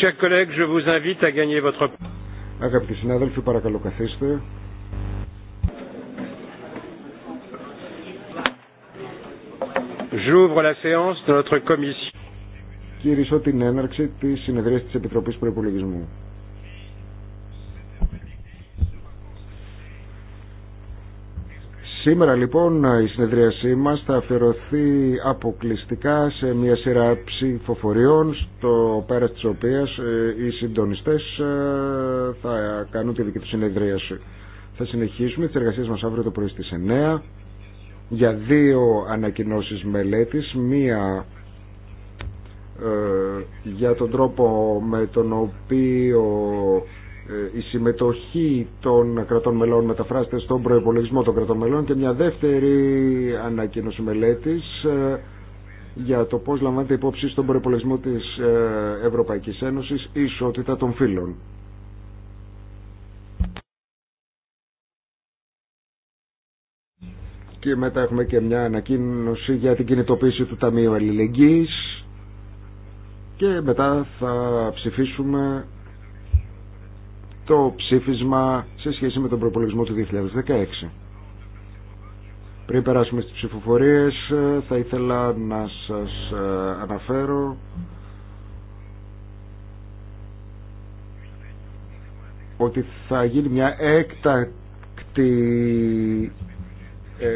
Chers collègues, je vous invite à gagner votre... J'ouvre la séance de notre commission κυρίσω την έναρξη της συνεδρίας της Επιτροπής Προϋπολογισμού. Σήμερα λοιπόν η συνεδρίασή μας θα αφιερωθεί αποκλειστικά σε μια σειρά ψηφοφοριών στο πέρας της οποίας ε, οι συντονιστές ε, θα κάνουν τη δική του συνεδρίαση. Θα συνεχίσουμε τις εργασίες μας αύριο το πρωί στις 9 για δύο ανακοινώσεις μελέτης, μία ε, για τον τρόπο με τον οποίο ε, η συμμετοχή των κρατών μελών μεταφράζεται στον προϋπολογισμό των κρατών μελών και μια δεύτερη ανακοίνωση μελέτης ε, για το πώς λαμβάνεται υπόψη στον προϋπολογισμό της Ευρωπαϊκής Ένωσης η ισότητα των φύλων. Και μετά έχουμε και μια ανακοίνωση για την κινητοποίηση του Ταμείου Αλληλεγγύης και μετά θα ψηφίσουμε το ψήφισμα σε σχέση με τον προπολογισμό του 2016. Πριν περάσουμε στις ψηφοφορίες θα ήθελα να σας ε, αναφέρω ότι θα γίνει μια έκτακτη ε,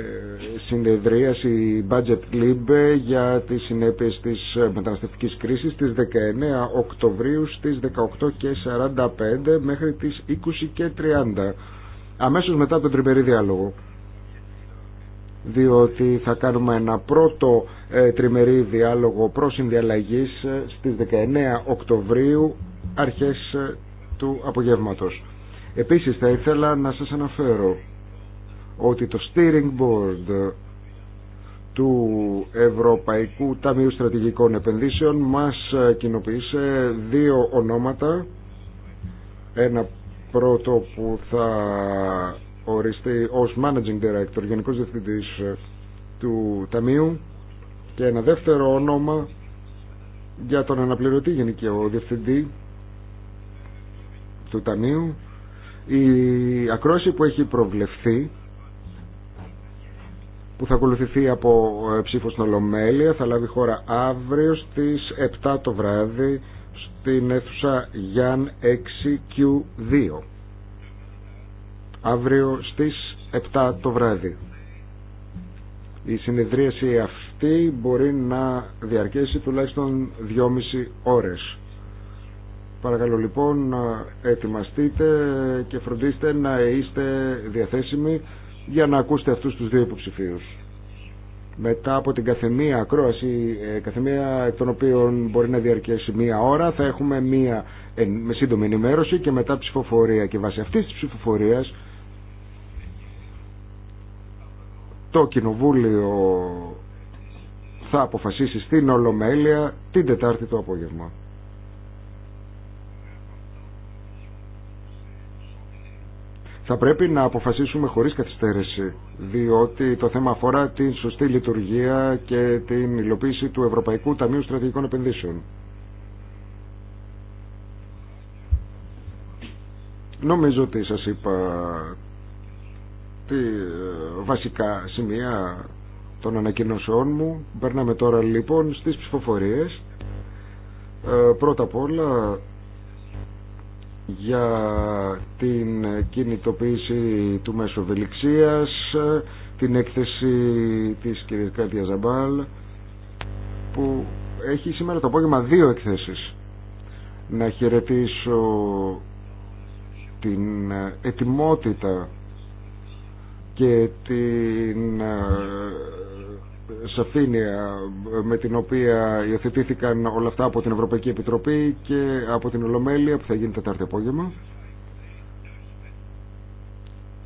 συνεδρίαση Budget Lib για τις συνέπειες της μεταναστευτικής κρίσης στις 19 Οκτωβρίου στις 18 και 45 μέχρι τις 20 και 30 αμέσως μετά τον τριμερή διάλογο διότι θα κάνουμε ένα πρώτο ε, τριμερή διάλογο προς συνδιαλλαγής ε, στις 19 Οκτωβρίου αρχές του απογεύματος. Επίσης θα ήθελα να σας αναφέρω ότι το steering board του Ευρωπαϊκού Ταμείου Στρατηγικών Επενδύσεων μας ε, κοινοποίησε δύο ονόματα ένα πρώτο που θα οριστεί ως Managing Director, Γενικός Διευθυντής ε, του Ταμείου και ένα δεύτερο όνομα για τον αναπληρωτή γενικό διευθυντή του Ταμείου η ακρόση που έχει προβλεφθεί που θα ακολουθηθεί από ε, ψήφο στην Ολομέλεια θα λάβει χώρα αύριο στις 7 το βράδυ στην αίθουσα Γιάν 6Q2 αύριο στις 7 το βράδυ η συνεδρίαση αυτή μπορεί να διαρκέσει τουλάχιστον 2,5 ώρες παρακαλώ λοιπόν να ε, ετοιμαστείτε και φροντίστε να είστε διαθέσιμοι για να ακούσετε αυτούς τους δύο υποψηφίους. Μετά από την καθεμία ακρόαση, ε, καθεμία εκ των οποίων μπορεί να διαρκέσει μία ώρα, θα έχουμε μία με σύντομη ενημέρωση και μετά ψηφοφορία. Και βάσει αυτής της ψηφοφορίας το Κοινοβούλιο θα αποφασίσει στην Ολομέλεια την Τετάρτη το απόγευμα. θα πρέπει να αποφασίσουμε χωρίς καθυστέρηση διότι το θέμα αφορά την σωστή λειτουργία και την υλοποίηση του Ευρωπαϊκού Ταμείου Στρατηγικών Επενδύσεων. Νομίζω ότι σας είπα τη ε, βασικά σημεία των ανακοινωσεών μου. Περνάμε τώρα λοιπόν στις ψηφοφορίες. Ε, πρώτα απ' όλα για την κινητοποίηση του Μέσο ευελιξίας, την έκθεση της κυρίας Κάτια Ζαμπάλ που έχει σήμερα το απόγευμα δύο εκθέσεις. Να χαιρετήσω την ετοιμότητα και την ε, σαφήνεια ε, με την οποία υιοθετήθηκαν όλα αυτά από την Ευρωπαϊκή Επιτροπή και από την Ολομέλεια που θα γίνει Τετάρτη απόγευμα.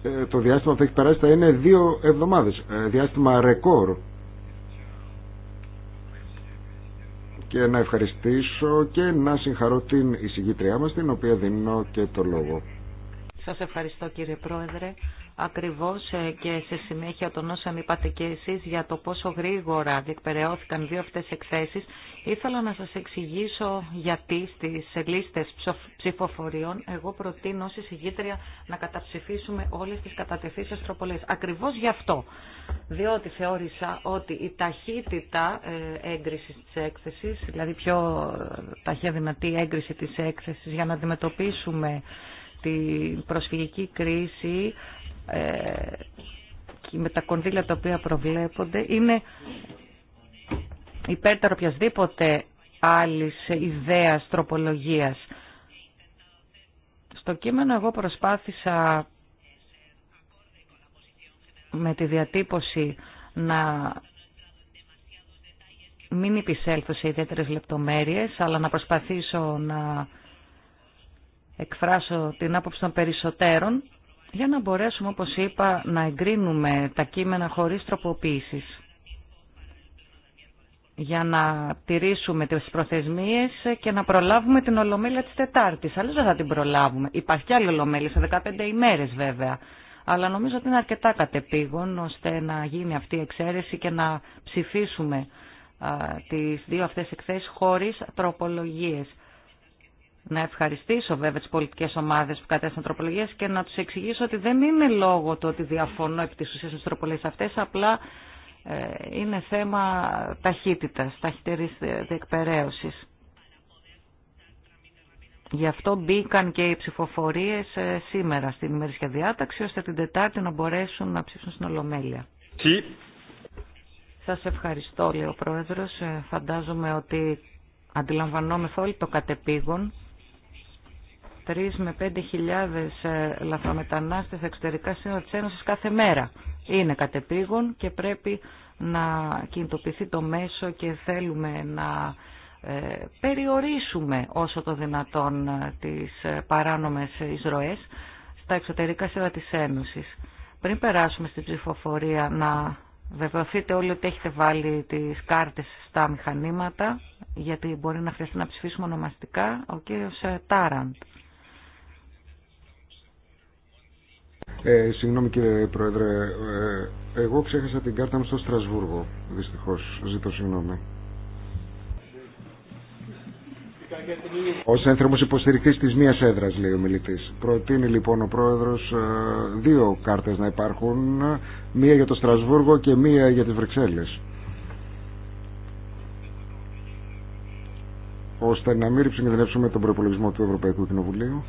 Ε, το διάστημα που θα έχει περάσει θα είναι δύο εβδομάδες, ε, διάστημα ρεκόρ. Και να ευχαριστήσω και να συγχαρώ την εισηγήτριά μας, την οποία δίνω και το λόγο. Σας ευχαριστώ κύριε Πρόεδρε ακριβώς ε, και σε συνέχεια των όσων είπατε και εσείς για το πόσο γρήγορα διεκπαιρεώθηκαν δύο αυτές εκθέσεις, ήθελα να σας εξηγήσω γιατί στις λίστες ψηφοφοριών εγώ προτείνω ως εισηγήτρια να καταψηφίσουμε όλες τις κατατεθήσεις τροπολές. Ακριβώς γι' αυτό, διότι θεώρησα ότι η ταχύτητα ε, έγκρισης της έκθεσης, δηλαδή πιο ε, ταχεία δυνατή έγκριση της έκθεσης για να αντιμετωπίσουμε την προσφυγική κρίση ε, και με τα κονδύλια τα οποία προβλέπονται είναι υπέρτερο οποιασδήποτε άλλης ιδέας, τροπολογίας. Στο κείμενο εγώ προσπάθησα με τη διατύπωση να μην υπησέλθω σε ιδιαίτερες λεπτομέρειες, αλλά να προσπαθήσω να εκφράσω την άποψη των περισσότερων για να μπορέσουμε, όπως είπα, να εγκρίνουμε τα κείμενα χωρίς τροποποίησης για να τηρήσουμε τις προθεσμίες και να προλάβουμε την Ολομέλεια της Τετάρτης. Αλλιώς δεν θα την προλάβουμε. Υπάρχει και άλλη Ολομέλεια σε 15 ημέρες βέβαια. Αλλά νομίζω ότι είναι αρκετά κατεπήγον ώστε να γίνει αυτή η εξαίρεση και να ψηφίσουμε τις δύο αυτές εκθέσεις χωρίς τροπολογίες να ευχαριστήσω βέβαια τις πολιτικές ομάδες που κατέστησαν τροπολογίες και να τους εξηγήσω ότι δεν είναι λόγο το ότι διαφωνώ επί της ουσίας τι τροπολογίες αυτές, απλά ε, είναι θέμα ταχύτητας, ταχύτερης διεκπαιρέωσης. Γι' αυτό μπήκαν και οι ψηφοφορίες ε, σήμερα στην ημερήσια διάταξη, ώστε την Τετάρτη να μπορέσουν να ψήφουν στην Ολομέλεια. Τι. Σας ευχαριστώ, λέει ο Πρόεδρος. Ε, φαντάζομαι ότι αντιλαμβανόμεθα όλοι το κατεπήγον 3 με 5.000 ε, λαθρομετανάστες εξωτερικά σύνορα της Ένωσης κάθε μέρα. Είναι κατεπήγον και πρέπει να κινητοποιηθεί το μέσο και θέλουμε να ε, περιορίσουμε όσο το δυνατόν ε, τις παράνομες εισρωές στα εξωτερικά σύνορα της Ένωσης. Πριν περάσουμε στην ψηφοφορία να βεβαιωθείτε όλοι ότι έχετε βάλει τις κάρτες στα μηχανήματα γιατί μπορεί να χρειαστεί να ψηφίσουμε ονομαστικά ο κύριος Τάραντ. Ε, συγγνώμη κύριε Πρόεδρε, ε, εγώ ξέχασα την κάρτα μου στο Στρασβούργο, δυστυχώς. Ζητώ συγγνώμη. Ω ένθρωπο υποστηρικτή τη μία έδρα, λέει ο μιλητή. Προτείνει λοιπόν ο πρόεδρο ε, δύο κάρτε να υπάρχουν, μία για το Στρασβούργο και μία για τι Βρυξέλλε. Ώστε να μην ρηψινδυνεύσουμε τον προπολογισμό του Ευρωπαϊκού Κοινοβουλίου.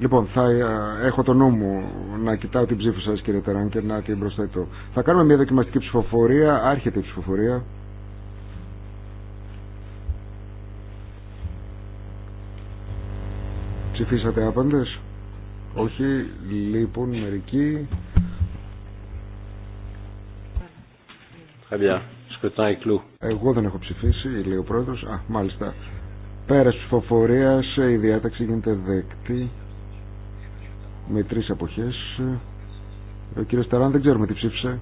Λοιπόν, θα ε, έχω το νου μου να κοιτάω την ψήφο σα, κύριε Τεράν, και να την προσθέτω. Θα κάνουμε μια δοκιμαστική ψηφοφορία. Άρχεται η ψηφοφορία. Ψηφίσατε άπαντε. Όχι, λείπουν λοιπόν, μερικοί. Εγώ δεν έχω ψηφίσει, λέει ο πρόεδρο. Α, μάλιστα. Πέρα ψηφοφορία, η διάταξη γίνεται δεκτή με τρεις αποχές ο κύριος Ταράν δεν ξέρουμε τι ψήφισε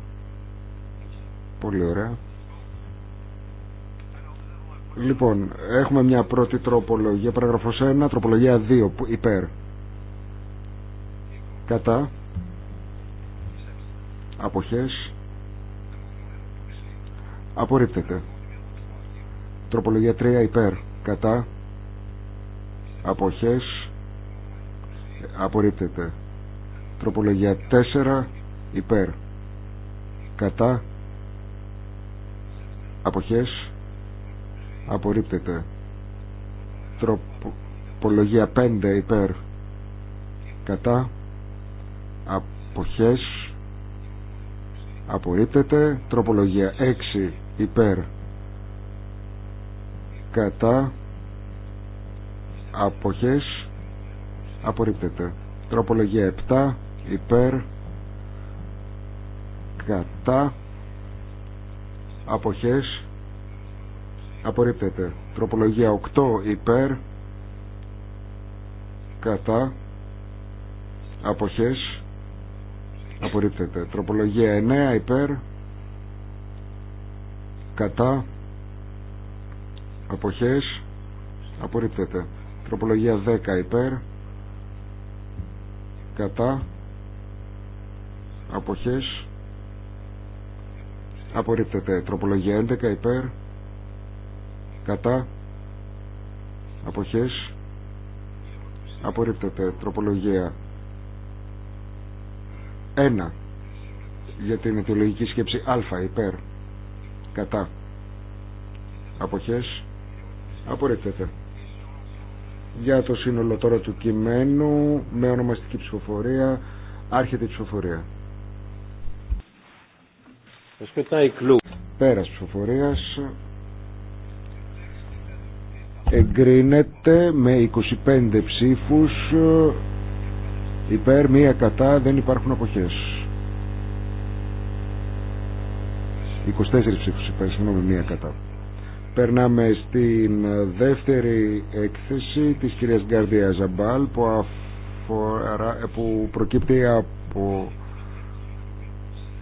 πολύ ωραία λοιπόν έχουμε μια πρώτη τροπολογία παραγραφός 1 τροπολογία 2 υπέρ κατά αποχές απορρίπτεται τροπολογία 3 υπέρ κατά αποχές απορρίπτεται τροπολογία 4 υπέρ κατά αποχές απορρίπτεται τροπολογία 5 υπέρ κατά αποχές απορρίπτεται τροπολογία 6 υπέρ κατά αποχές απορρίπτεται τροπολογία 7 υπέρ κατά αποχές απορρίπτεται τροπολογία 8 υπέρ κατά αποχές απορρίπτεται τροπολογία 9 υπέρ κατά αποχές απορρίπτεται τροπολογία 10 υπέρ κατά αποχές απορρίπτεται τροπολογία 11 υπέρ κατά αποχές απορρίπτεται τροπολογία 1 για την αιτιολογική σκέψη α υπέρ κατά αποχές απορρίπτεται για το σύνολο τώρα του κειμένου με ονομαστική ψηφοφορία άρχεται η ψηφοφορία πέρας ψηφοφορίας εγκρίνεται με 25 ψήφους υπέρ μία κατά δεν υπάρχουν αποχές 24 ψήφους υπέρ συγγνώμη μία κατά Περνάμε στην δεύτερη έκθεση της κυρίας Γκαρδία Ζαμπάλ που, προκύπτει από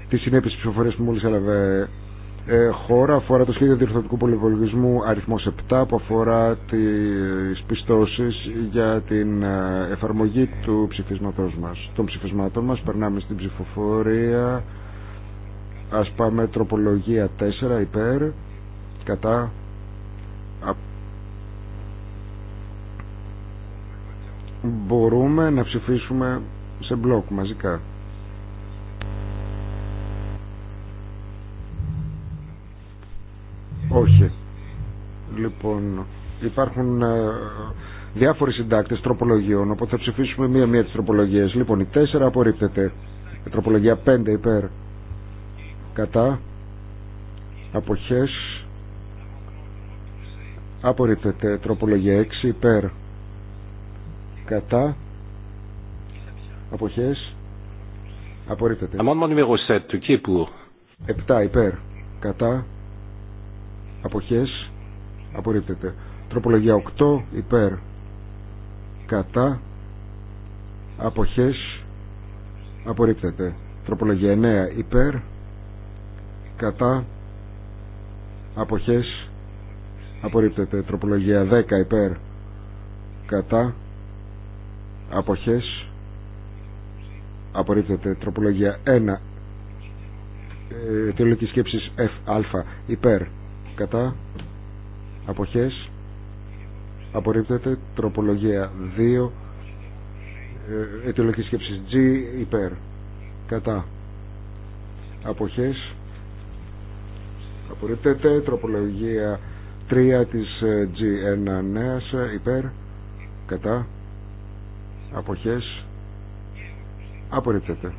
τις συνέπειες της ψηφοφορίας που μόλις έλαβε ε, χώρα αφορά το σχέδιο διορθωτικού πολυπολογισμού αριθμός 7 που αφορά τις πιστώσεις για την ε, εφαρμογή του ψηφίσματός μας. Των ψηφισμάτων μας περνάμε στην ψηφοφορία ας πάμε τροπολογία 4 υπέρ κατά μπορούμε να ψηφίσουμε σε μπλοκ μαζικά. Όχι. Λοιπόν, υπάρχουν ε, διάφοροι συντάκτες τροπολογιών, οπότε θα ψηφίσουμε μία-μία τις τροπολογίες. Λοιπόν, η 4 απορρίπτεται. Η τροπολογία 5 υπέρ. Κατά. Αποχές απορρίπτεται τροπολογία 6 υπέρ κατά αποχές απορρίπτεται amendement 7 7 υπέρ κατά αποχές απορρίπτεται τροπολογία 8 υπέρ κατά αποχές απορρίπτεται τροπολογία 9 υπέρ κατά αποχές απορρίπτεται τροπολογία 10 υπέρ κατά αποχές απορρίπτεται τροπολογία 1 αιτιολογική ε, σκέψης F α υπέρ κατά αποχές απορρίπτεται τροπολογία 2 αιτιολογική ε, ε, σκέψη G υπέρ κατά αποχές απορρίπτεται τροπολογία 3 της ε, G1 νέας ε, υπέρ κατά αποχές απορρίπτεται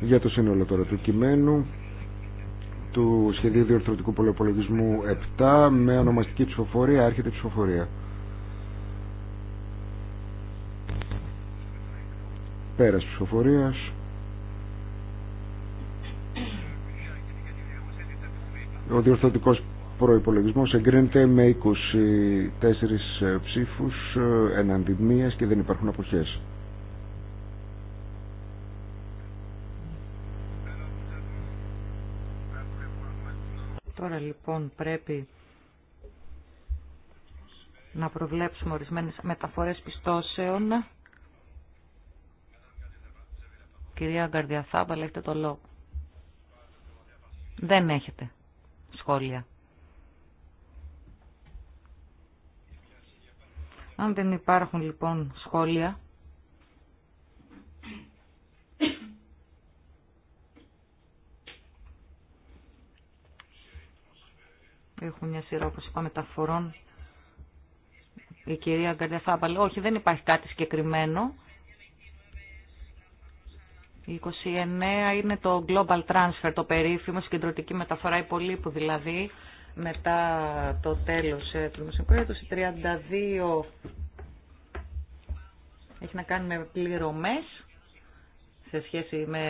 για το σύνολο τώρα του κειμένου του σχεδίου διορθωτικού πολεπολογισμού 7 με ονομαστική ψηφοφορία άρχεται ψηφοφορία πέρας ψηφοφορίας ο διορθωτικός προϋπολογισμός εγκρίνεται με 24 ε, ψήφους ε, εναντί και δεν υπάρχουν αποχές. Τώρα λοιπόν πρέπει να προβλέψουμε ορισμένες μεταφορές πιστώσεων. Κυρία Γκαρδιαθάβα, έχετε το λόγο. Δεν έχετε σχόλια. Αν δεν υπάρχουν λοιπόν σχόλια, Έχουμε μια σειρά, όπως είπα, μεταφορών. Η κυρία Γκαρδιαθάπαλη. Όχι, δεν υπάρχει κάτι συγκεκριμένο. Η 29 είναι το Global Transfer, το περίφημο, συγκεντρωτική μεταφορά υπολείπου δηλαδή, μετά το τέλος ε, του δημοσιακού έτους. 32 έχει να κάνει με πληρωμές σε σχέση με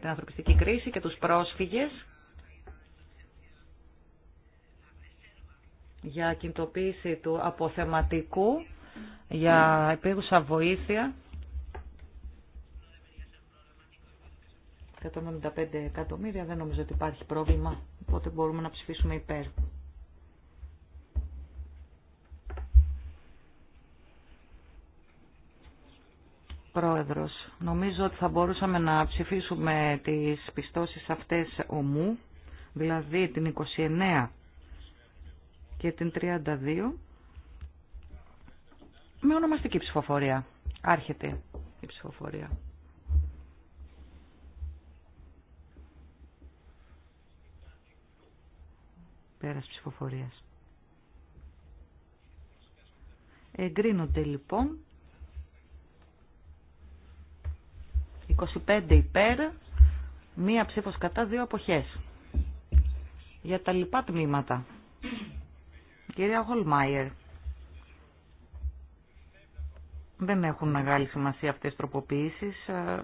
την ανθρωπιστική κρίση και τους πρόσφυγες για κινητοποίηση του αποθεματικού για επίγουσα βοήθεια 175 εκατομμύρια δεν νομίζω ότι υπάρχει πρόβλημα, οπότε μπορούμε να ψηφίσουμε υπέρ. Πρόεδρος, νομίζω ότι θα μπορούσαμε να ψηφίσουμε τις πιστώσεις αυτές ομού, δηλαδή την 29 και την 32, με ονομαστική ψηφοφορία. Άρχεται η ψηφοφορία. Πέρας ψηφοφορίας. Εγκρίνονται λοιπόν 25 υπέρ, μία ψήφος κατά, δύο αποχές. Για τα λοιπά τμήματα. Κυρία Χολμάιερ, δεν έχουν μεγάλη σημασία αυτές τις τροποποιήσεις. Ε,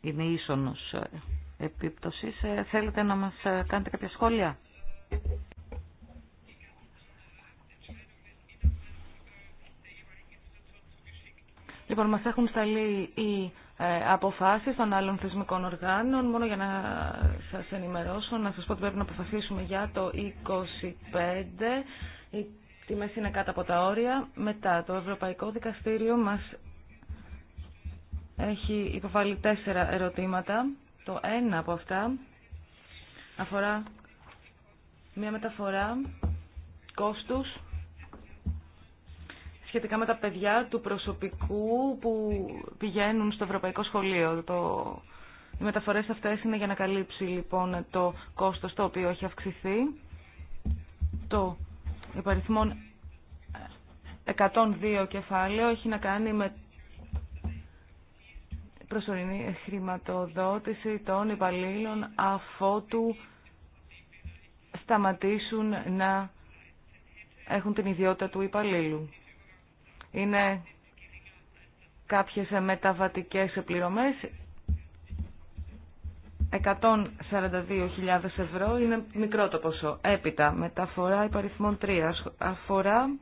είναι ίσονος ε, επίπτωσης. Ε, θέλετε να μας κάνετε κάποια σχόλια. Λοιπόν, μας έχουν σταλεί οι ε, αποφάσεις των άλλων θεσμικών οργάνων, μόνο για να σας ενημερώσω, να σας πω ότι πρέπει να αποφασίσουμε για το 25, Η τιμή είναι κάτω από τα όρια. Μετά, το Ευρωπαϊκό Δικαστήριο μας έχει υποβάλει τέσσερα ερωτήματα. Το ένα από αυτά αφορά μια μεταφορά κόστους σχετικά με τα παιδιά του προσωπικού που πηγαίνουν στο Ευρωπαϊκό Σχολείο. Το... Οι μεταφορές αυτές είναι για να καλύψει λοιπόν το κόστος το οποίο έχει αυξηθεί. Το υπαριθμό 102 κεφάλαιο έχει να κάνει με προσωρινή χρηματοδότηση των υπαλλήλων αφότου σταματήσουν να έχουν την ιδιότητα του υπαλλήλου. Είναι κάποιες μεταβατικές πληρωμές 142.000 ευρώ είναι μικρό το ποσό. Έπειτα, μεταφορά υπαριθμών 3 αφορά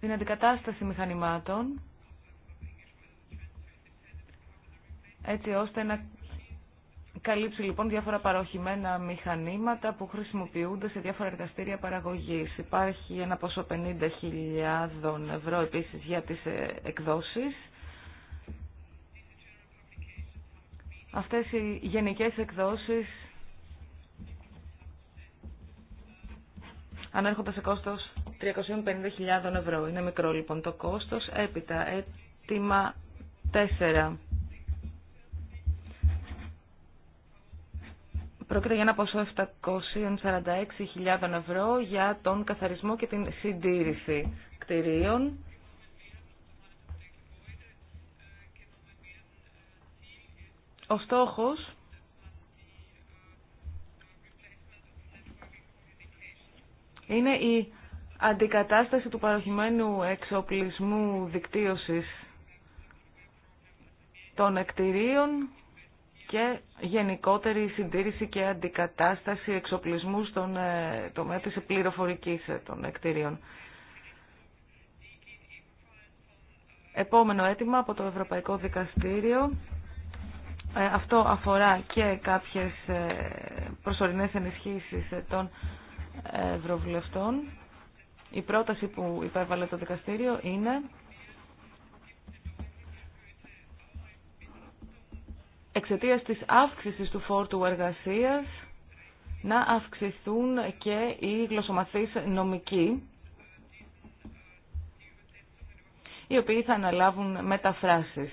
την αντικατάσταση μηχανημάτων έτσι ώστε να καλύψει λοιπόν διάφορα παροχημένα μηχανήματα που χρησιμοποιούνται σε διάφορα εργαστήρια παραγωγής. Υπάρχει ένα ποσό 50.000 ευρώ επίσης για τις ε, εκδόσεις. Αυτές οι γενικές εκδόσεις ανέρχονται σε κόστος 350.000 ευρώ. Είναι μικρό λοιπόν το κόστος. Έπειτα έτοιμα 4 Πρόκειται για ένα ποσό 746.000 ευρώ για τον καθαρισμό και την συντήρηση κτηρίων. Ο στόχος είναι η αντικατάσταση του παροχημένου εξοπλισμού δικτύωσης των εκτηρίων και γενικότερη συντήρηση και αντικατάσταση εξοπλισμού στον ε, τομέα της πληροφορικής ε, των εκτηρίων. Επόμενο αίτημα από το Ευρωπαϊκό Δικαστήριο. Ε, αυτό αφορά και κάποιες προσωρινές ενισχύσεις των ευρωβουλευτών. Η πρόταση που υπέβαλε το Δικαστήριο είναι εξαιτία της αύξηση του φόρτου εργασία να αυξηθούν και οι γλωσσομαθείς νομικοί, οι οποίοι θα αναλάβουν μεταφράσεις.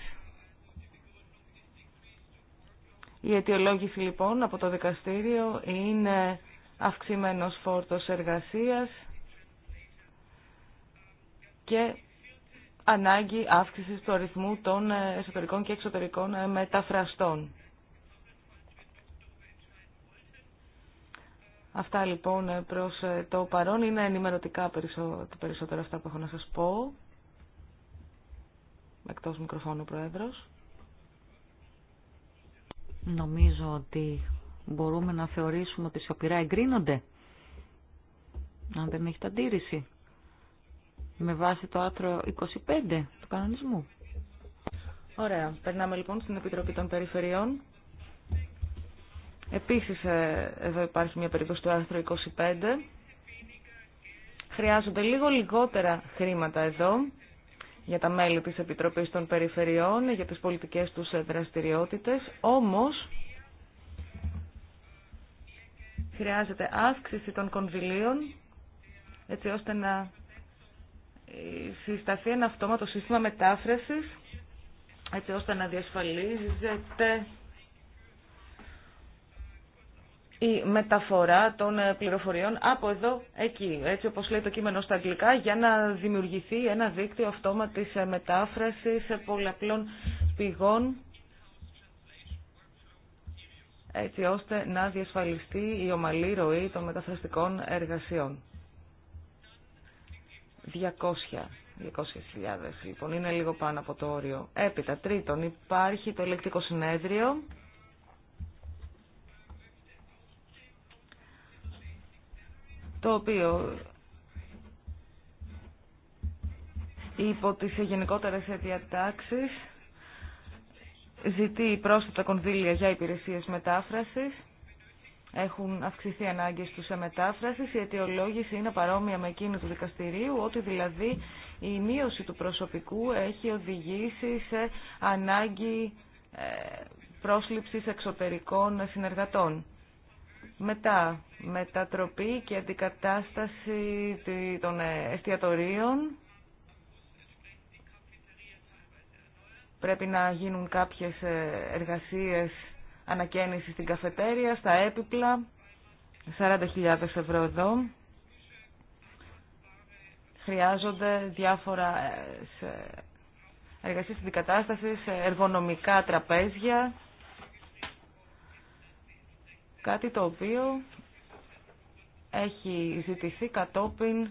Η αιτιολόγηση λοιπόν από το δικαστήριο είναι αυξημένος φόρτος εργασίας και ανάγκη αύξησης του αριθμού των ε, εσωτερικών και εξωτερικών ε, μεταφραστών. Αυτά λοιπόν ε, προς το παρόν είναι ενημερωτικά τα περισσότερα αυτά που έχω να σας πω. Εκτός μικροφώνου Πρόεδρος. Νομίζω ότι μπορούμε να θεωρήσουμε ότι σιωπηρά εγκρίνονται. Αν δεν έχετε αντίρρηση με βάση το άρθρο 25 του κανονισμού. Ωραία. Περνάμε λοιπόν στην Επιτροπή των Περιφερειών. Επίσης ε, εδώ υπάρχει μια περίπτωση του άρθρου 25. Χρειάζονται λίγο λιγότερα χρήματα εδώ για τα μέλη της Επιτροπής των Περιφερειών, για τις πολιτικές τους ε, δραστηριότητες, όμως χρειάζεται αύξηση των κονδυλίων έτσι ώστε να συσταθεί ένα αυτόματο σύστημα μετάφρασης έτσι ώστε να διασφαλίζεται η μεταφορά των ε, πληροφοριών από εδώ εκεί, έτσι όπως λέει το κείμενο στα αγγλικά, για να δημιουργηθεί ένα δίκτυο αυτόματης ε, μετάφρασης ε, πολλαπλών πηγών, έτσι ώστε να διασφαλιστεί η ομαλή ροή των μεταφραστικών εργασιών. 200.000 λοιπόν, είναι λίγο πάνω από το όριο. Έπειτα, τρίτον, υπάρχει το ελεκτικό συνέδριο. Το οποίο υπό τις γενικότερες διατάξεις ζητεί πρόσθετα κονδύλια για υπηρεσίες μετάφρασης έχουν αυξηθεί ανάγκες του σε μετάφραση. Η αιτιολόγηση είναι παρόμοια με εκείνη του δικαστηρίου, ότι δηλαδή η μείωση του προσωπικού έχει οδηγήσει σε ανάγκη ε, πρόσληψης εξωτερικών συνεργατών. Μετά, μετατροπή και αντικατάσταση των ε, εστιατορίων. Πρέπει να γίνουν κάποιες ε, εργασίες ανακαίνιση στην καφετέρια, στα έπιπλα, 40.000 ευρώ εδώ. Χρειάζονται διάφορα ε, εργασίες αντικατάστασης, εργονομικά τραπέζια, κάτι το οποίο έχει ζητηθεί κατόπιν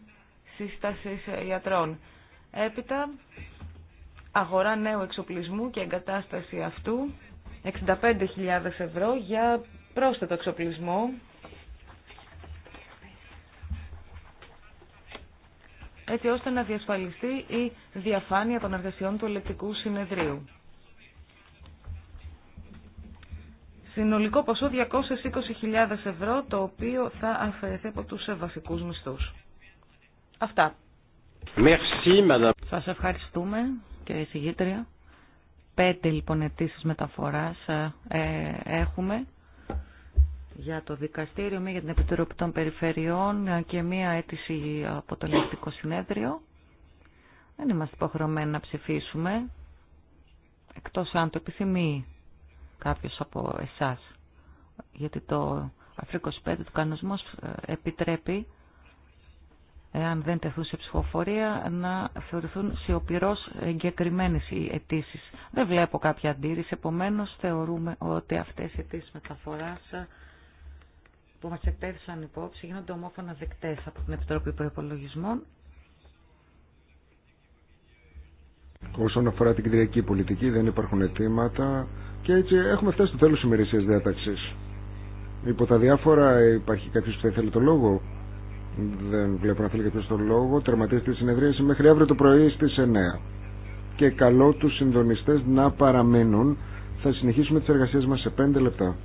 σύστασης ιατρών. Έπειτα, αγορά νέου εξοπλισμού και εγκατάσταση αυτού 65.000 ευρώ για πρόσθετο εξοπλισμό. έτσι ώστε να διασφαλιστεί η διαφάνεια των εργασιών του ελεκτικού συνεδρίου. Συνολικό ποσό 220.000 ευρώ, το οποίο θα αφαιρεθεί από τους βασικούς μισθούς. Αυτά. Merci, Σας ευχαριστούμε, κύριε Συγγήτρια. Πέντε λοιπόν αιτήσει μεταφοράς ε, ε, έχουμε για το δικαστήριο, μία για την Επιτροπή των Περιφερειών ε, και μία αίτηση από το Ελληνικό Συνέδριο. Δεν είμαστε υποχρεωμένοι να ψηφίσουμε, εκτός αν το επιθυμεί κάποιος από εσάς, γιατί το Αφρικό 25 του κανονισμός επιτρέπει εάν δεν τεθούν σε ψηφοφορία, να θεωρηθούν σιωπηρός εγκεκριμένε οι αιτήσει. Δεν βλέπω κάποια αντίρρηση, επομένως θεωρούμε ότι αυτές οι αιτήσει μεταφοράς ε, που μας εκτέθησαν υπόψη γίνονται ομόφωνα δεκτές από την Επιτροπή Προϋπολογισμών. Όσον αφορά την κεντριακή πολιτική δεν υπάρχουν αιτήματα και έτσι έχουμε φτάσει στο τέλος της ημερήσιας διάταξης. Υπό τα διάφορα υπάρχει κάποιος που θα ήθελε το λόγο. Δεν βλέπω να θέλει κάποιο τον λόγο. Τερματίστε τη συνεδρίαση μέχρι αύριο το πρωί στι 9. Και καλό του συντονιστέ να παραμένουν. Θα συνεχίσουμε τι εργασίε μα σε 5 λεπτά.